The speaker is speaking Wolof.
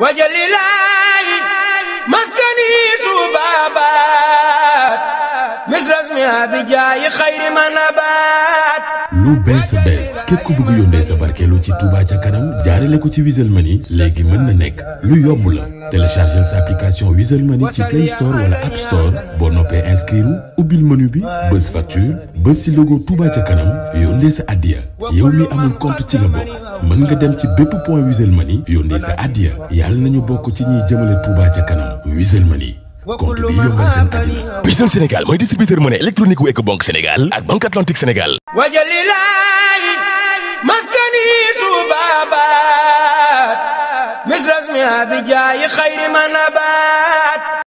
wajalilaayi maskani tubaabaat misrasmi abijaayi xayri manabaat lu bees a bees képp ku bëgg yónnee barkeelu ci Touba ca kanam jaarale ko ci Wizall Money léegi mën na nekk lu yomb la téléchargeel sa application Wizall Money ci Play wala App inscrire ubbil menu bi bës facture bës si logo Touba ca kanam yónnee sa addiya yow mi amul compte ci nga bokk mën nga dem ci bépp point Wizall Money yónnee sa addiya yàlla nañu bokk ci ñuy jëmale Touba ca kanam Wizall Money compte bi yombal seen àddina Wizall Sénégal mooy distributeur monnaie électronique wu Ecobank Sénégal ak Banque Atlantique Sénégal wajalilaayi maskani tuubaabaat misras